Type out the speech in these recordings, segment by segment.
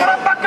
Amin.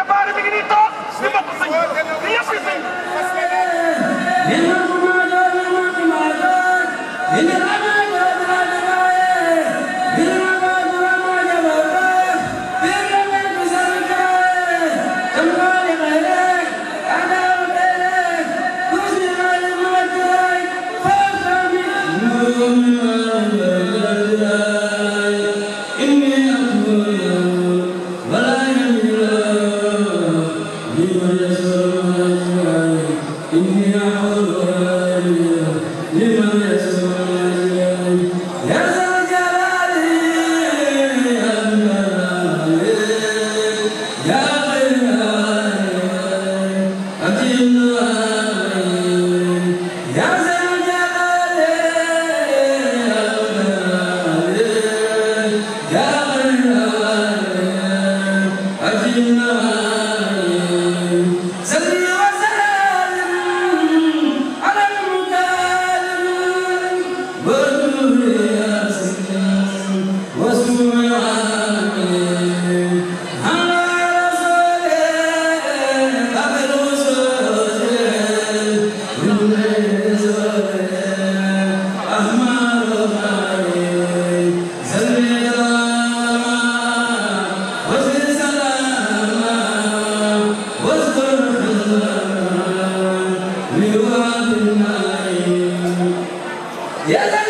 yàlla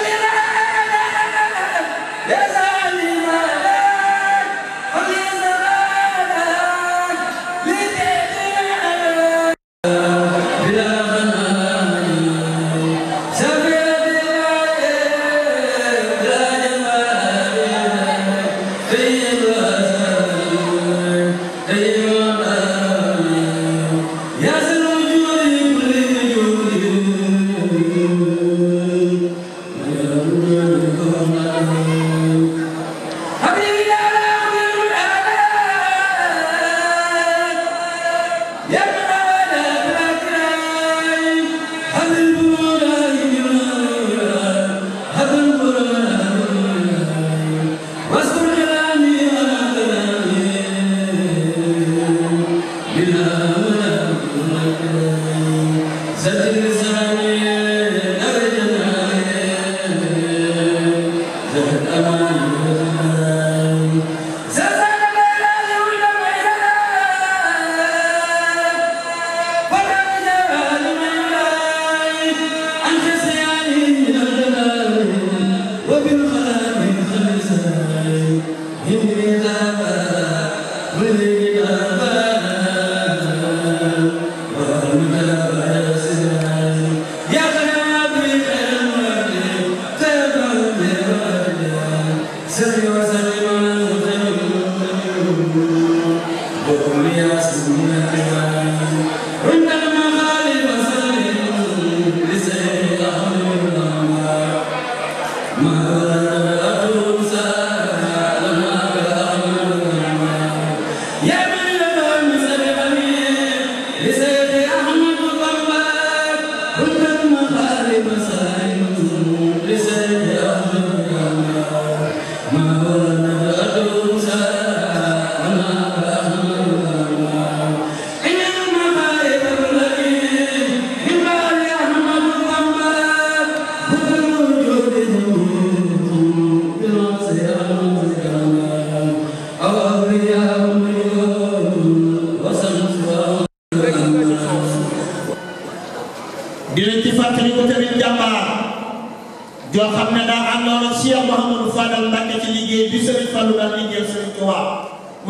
días,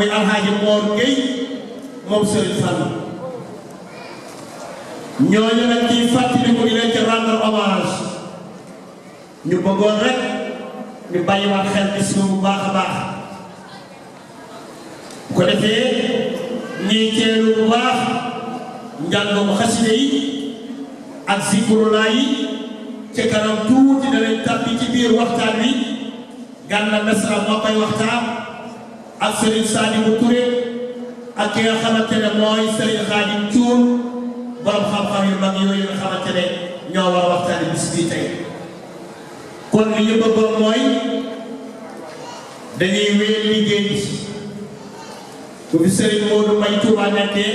muy alxaaji Moor Géy moom Sëriñ Fallu ñooñu nag ciy fàttali ko leen ci rendre hommage ñu bëggoon rek ñu bàyyiwaat xel ci suñu baax baax bu defee ñuy teelu bu baax njàngum xasida yi ak zikrulaa yi ci kanam tuuti danañ tàbbi ci biir waxtaan wi gànna mesra moo koy waxtaan ak Serigne Sadibou Touré ak ki xamante ne mooy Serigne Khadim Thiour borom xam-xam yu mag yooyu nga xamante ne ñoo war a waxtaane bis bii tey kon li ñu bëggoon mooy dañuy wéyal liggéey bi bu fi Serigne Modou May Touba nekkee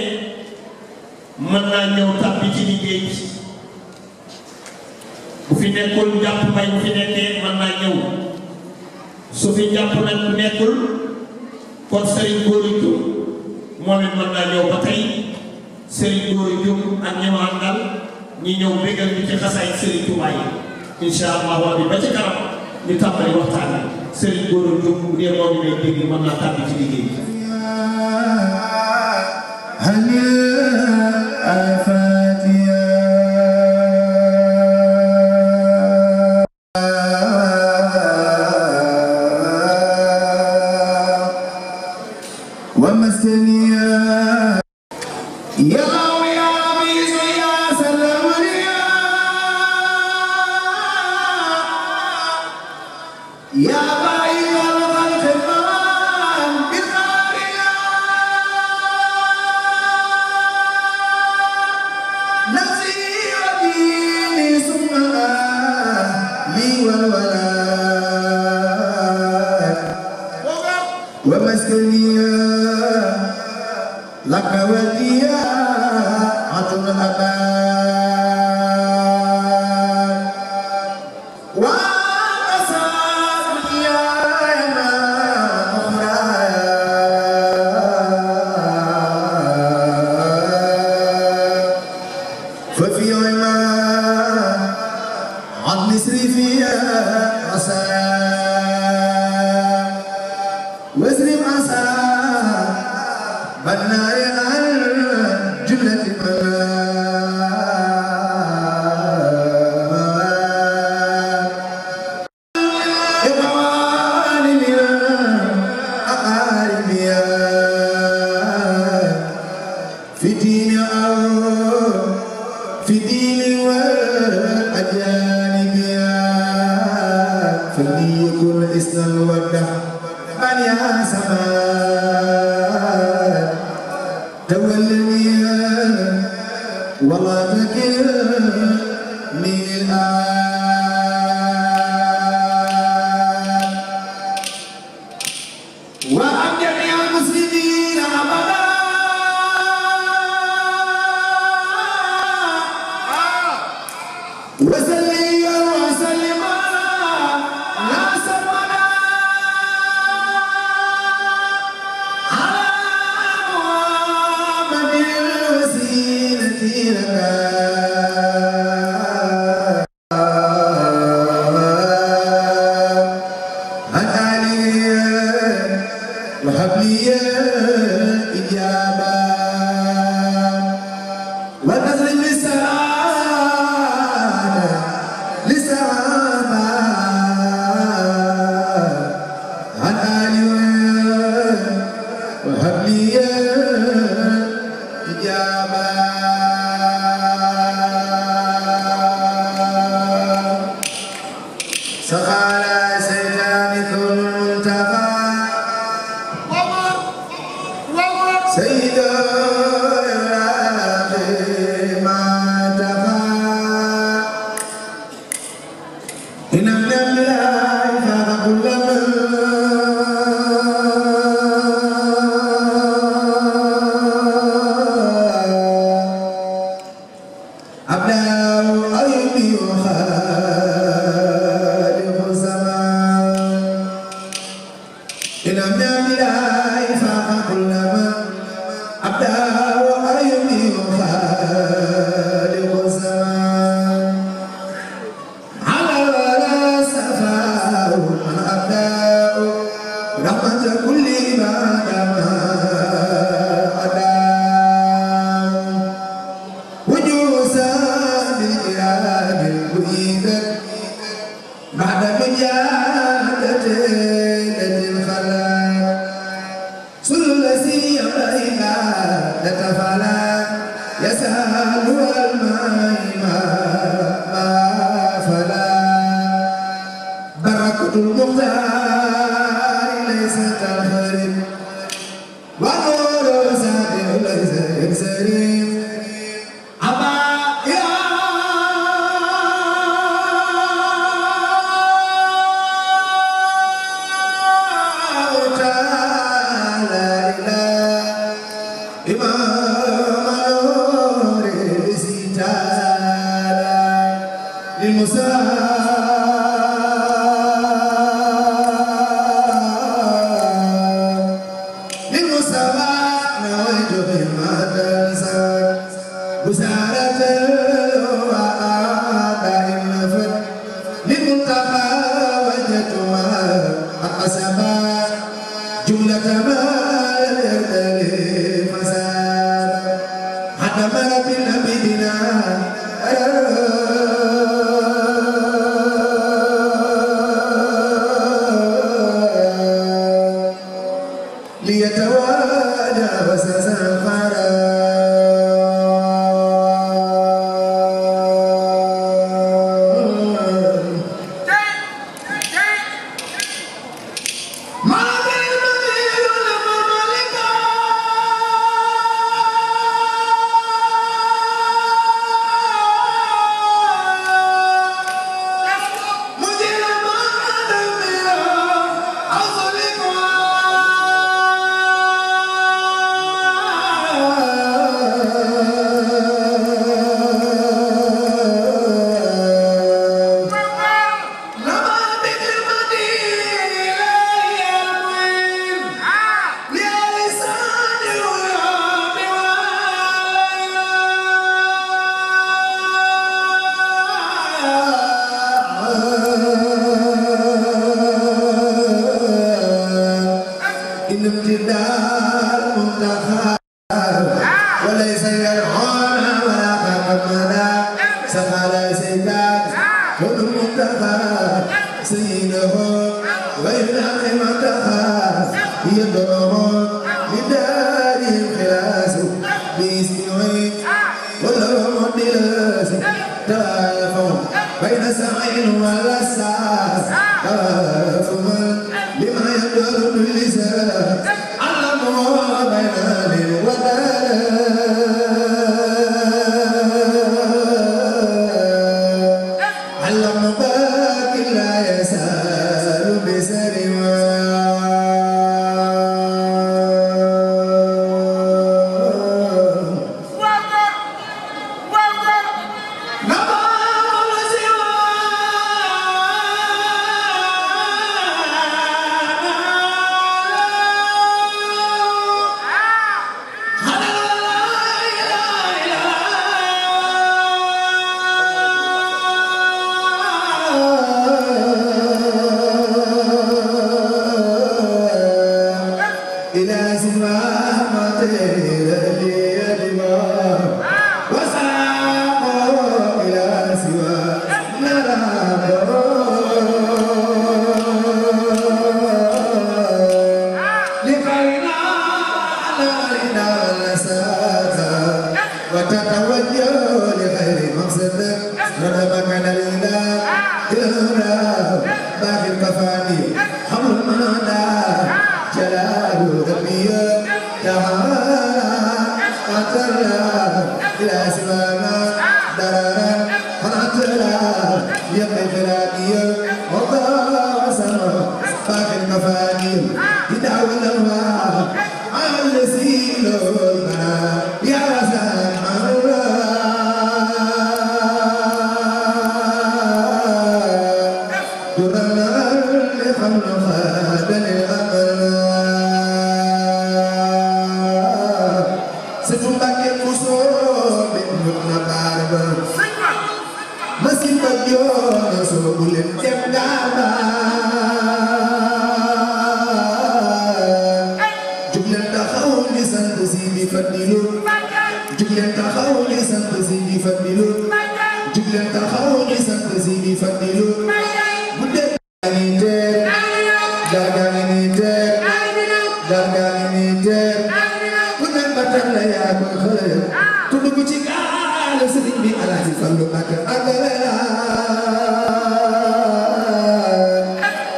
mën naa ñëw tàbbi ci liggéey bi fi nekkul jàpp may bu fi nekkee mën naa ñëw su fi jàpp nag nekkul. kon Serigne Gora Dioum moom mën naa ñëw ba tey Serigne Gora Dioum ak ñi ma àndal ñëw bégal ñu ci xasaay Serigne Touba yi incha allah rabbi ba ci kanam ñu tàmbali waxtaan bi Serigne Gora Dioum bu dee moom lay dégg mën naa tàbbi ci liggéey فيها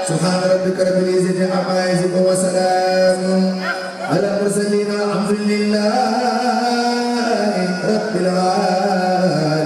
سبحان ربك رب العزة عما يصفون وسلام على المرسلين الحمد لله رب العالمين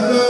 la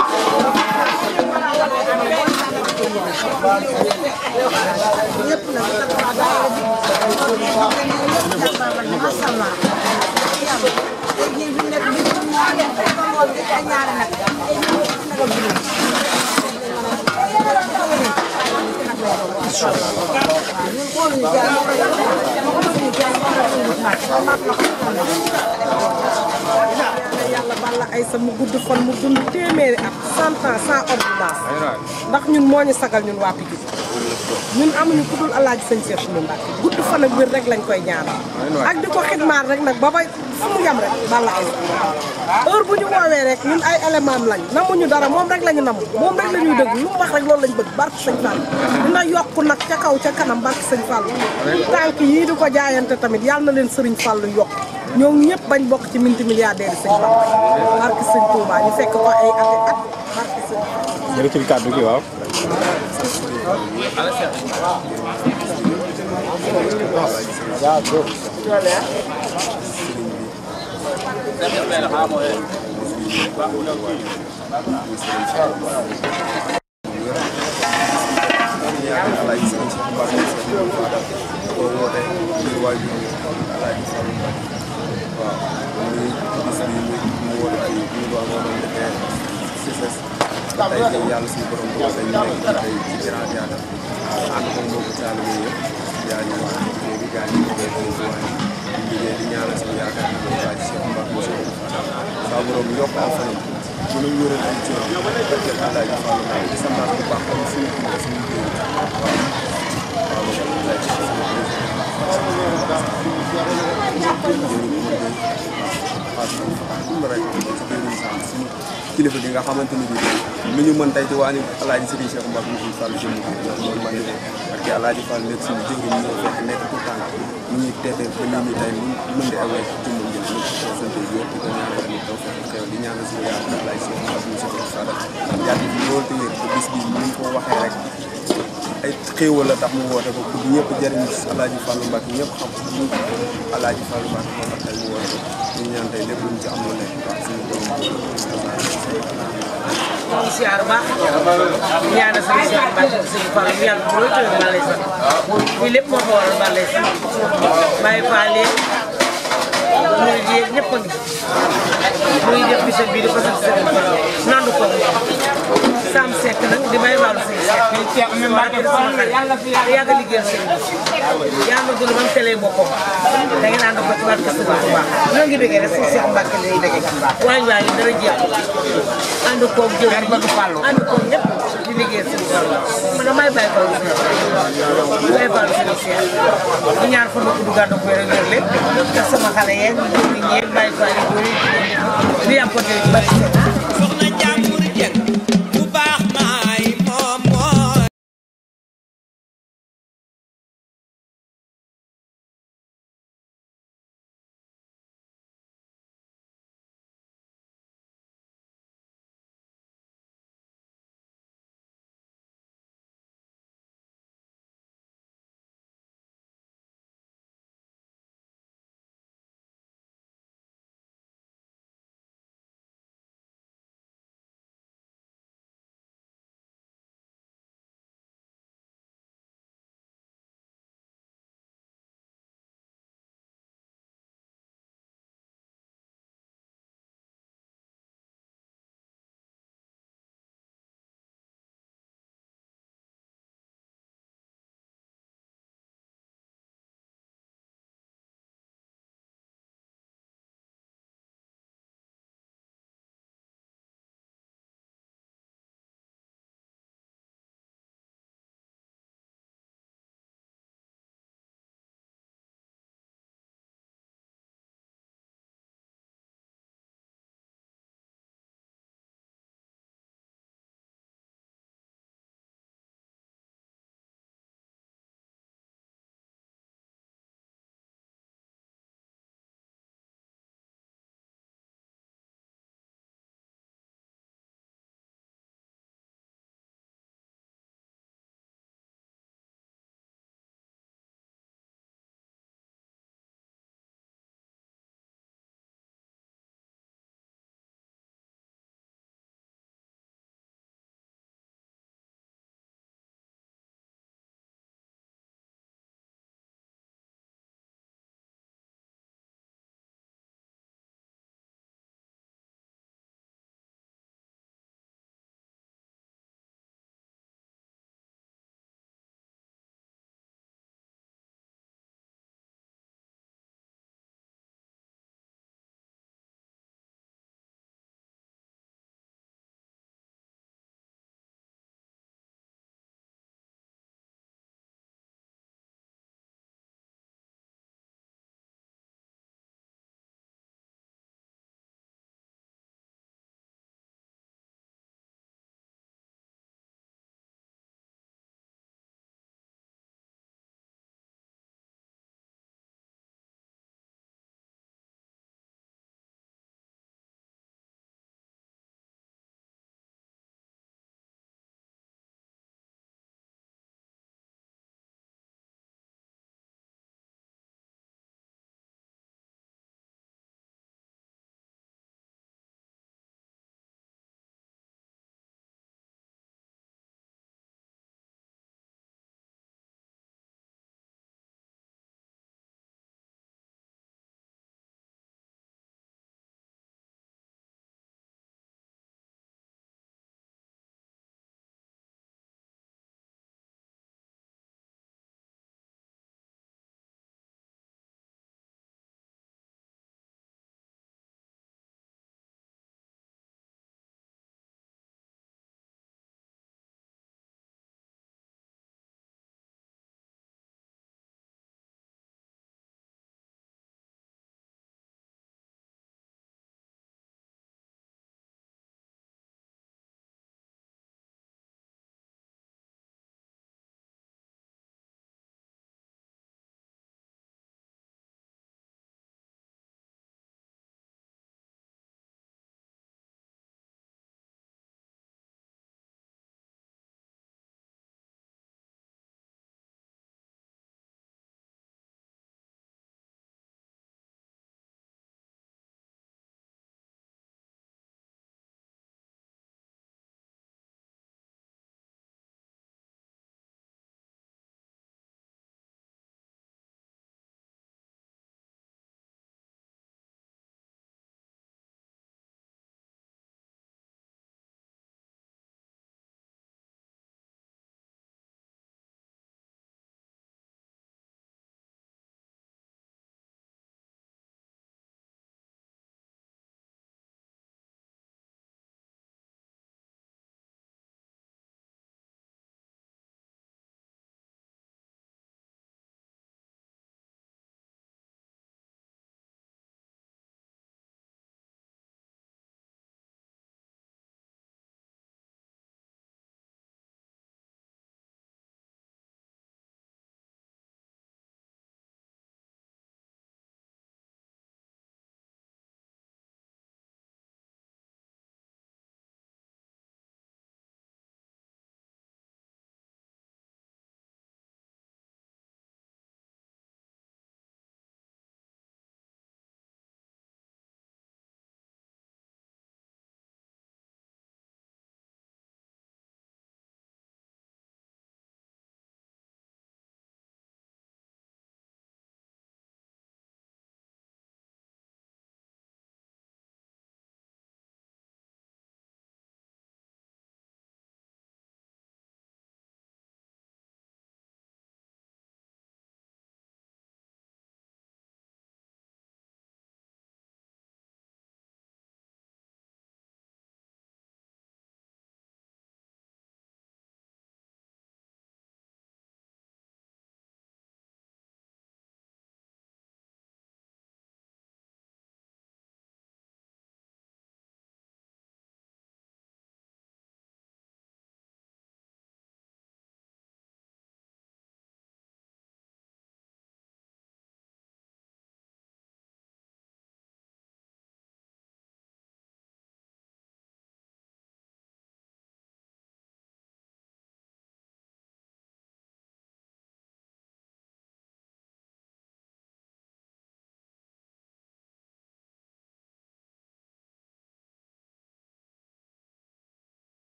ñëpp nag waa daara bi xam nga ne ñëpp jàmbaar la macha allah yàlla tey jii bi nekk bi ñu ñaanal ko moom di ko ñaanal nag tey ñu nag a bind. incha allah waaw ñun xooluñu jaar ñu koy xooluñu jaar ñu koy xooluñu nag. yàlla yàlla ay sa mu gudd fan mu dund téeméeri at cent ans sans ndax ñun moo ñu sagal ñun waa Pikine ñun amuñu ku dul alaaji sëñ Cheikh Oumy Mbacké gudd fan ak wér rek lañ koy ñaanal ak di ko xidmaat rek nag ba bay fu mu yem rek balla ay heure bu ñu woowee rek ñun ay élément lañ namuñu dara moom rek lañu nam moom rek la ñuy dëgg lu mu wax rek loolu lañ bëgg barke sëñ Fall dina yokk nag ca kaw ca kanam barke sëñ Fall tànk yii di ko jaayante tamit yàlla na leen sëriñ Fall yokk ñoom ñëpp bañ bokk ci minti milliardaire sëñ Bamba barke sëñ Touba ñu fekk ko ay at at barke sëñ jërëjëf kàddu gi waaw Thank you. waaw loolu ci sax ñu mu wóolu ay ñu doon waroon defee CSS tey jii yàlla suñu borom bu ñu nekk tey ci grand théâtre ànd ko mbokku taalibe yi yëpp yaa ñu wax léegi gaa ñu ko koy waaye ñu liggéey di ñaanal suñu yaakaar ñu koy waaj si mbaa bu si saa borom yokk aw fanam bu ñu wóoroon am ci jël àllaay ji fàllu naa di sant bu baax comme suñu kii suñu kii waaw waaw kilifa gi nga xamante ni bii lu ñu mën parce que alaaji Fall nekk suñu jëngi ñu fekk nekk tout mën di awee ci jëmm jëm di ko ñaanal ni taw fekk xew di ñaanal suñu yàlla alaaji Cheikh Mbacke Moussa Fall yàgg loolu te bis bi ñu ko waxee rek ay xéewal la tax mu woote ko pour ñëpp jëriñ Alaaji Fallou Mbacké ñëpp xam ñu Alaaji Fallou Mbacké moo tax tey mu woote ñu ñaan tey lépp luñ ci am lu nekk wax suñu borom moom siyaar baax ñaana sama siyaar baax suñu Fallou ñaan bu looy tooy ma lay sant fii lépp moo ko waral ma lay sant bàyyi faale muy jeex ñëpp a ngi muy def bisal bii di ko sant sëriñ nandu ko sam sekk nag di may wàllu Cheikh mi Mbacke yàlla fi yàlla yàgg a liggéeyal si yàlla dund ba mu telee boppam da ngeen ànd ko ci waat kàttu baax a baax ñoo ngi bëggee rek si Cheikh Mbacke lay bëggee waañ waañ yi dara jeex ànd koog jëw ànd koog ñëpp di liggéeyal si man damay bàyyi ko may bàyyi seen Cheikh ñaar fa ma ko gàddu ko yore ñor leen te sama xale yeeg ñu ngi ñeeg bàyyi ko ay góor yi di apporter bari